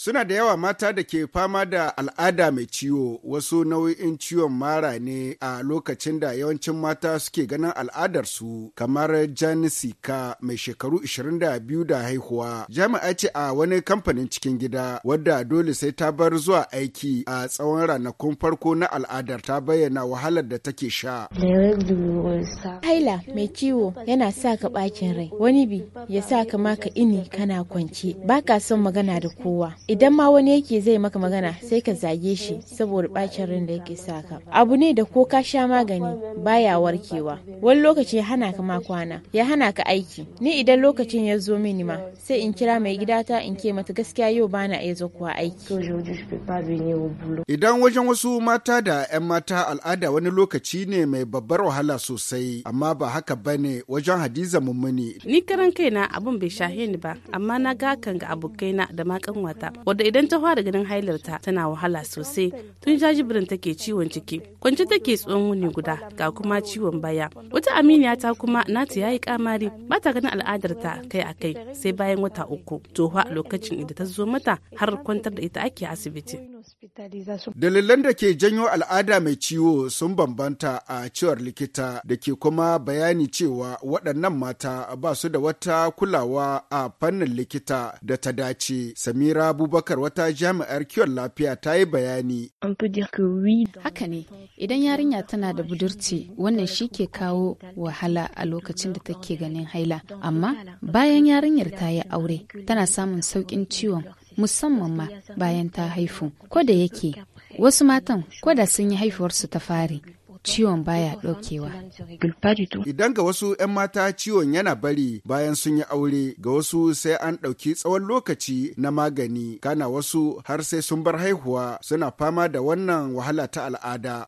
Suna da yawa mata da ke fama da al'ada mai ciwo wasu nau'in ciwon mara ne a lokacin da yawancin mata suke ganin al'adarsu kamar Janisika mai shekaru 22 da haihuwa. Jami'a ce a wani kamfanin cikin gida wadda dole sai ta bar zuwa aiki a tsawon ranakun farko na al'adar ta bayyana wahalar da take sha. Haila mai ciwo yana sa ka bakin rai wani bi ya sa ka maka ini kana kwance baka son magana da kowa. idan ma wani yake zai maka magana sai ka zage shi saboda bacin rin da yake saka abu ne da ko ka sha magani baya warkewa wani lokaci ya hana ka ma kwana ya hana ka aiki ni idan lokacin ya zo mini ma sai in kira mai gidata in ke mata gaskiya yau bana iya zakuwa aiki idan wajen wasu mata da 'yan mata al'ada wani lokaci ne mai babbar wahala sosai amma ba haka bane wajen hadiza mummuni ni karan kaina abun bai shahe ni ba amma na ga kan ga abokaina da ma kanwata wadda idan ta fara ganin hailarta tana wahala sosai tun jajibirin take ciwon ciki kwance take tsohon wuni guda ga kuma ciwon baya wata aminiya ta kuma nata yayi kamari ba ta ganin al'adarta kai a kai sai bayan wata uku tofa lokacin da ta zo mata har kwantar da ita ake asibiti Dalilan da ke janyo al'ada mai ciwo sun bambanta a cewar likita da ke kuma bayani cewa waɗannan mata ba su da wata kulawa a fannin likita da ta dace. Samira Abubakar wata jami'ar kiwon lafiya ta yi bayani. Haka ne, idan yarinya tana da budurci wannan shi ke kawo wahala a lokacin da take ganin haila, amma bayan yarinyar ta yi aure tana samun sauƙin ciwon musamman ma bayan ta haifu ko da yake wasu matan ko da sun yi haifuwarsu ta fari ciwon baya ɗaukewa. Idan ga wasu 'yan mata ciwon yana bari bayan sun yi aure ga wasu sai an ɗauki tsawon lokaci na magani kana wasu har sai sun bar haihuwa suna fama da wannan wahala ta al'ada.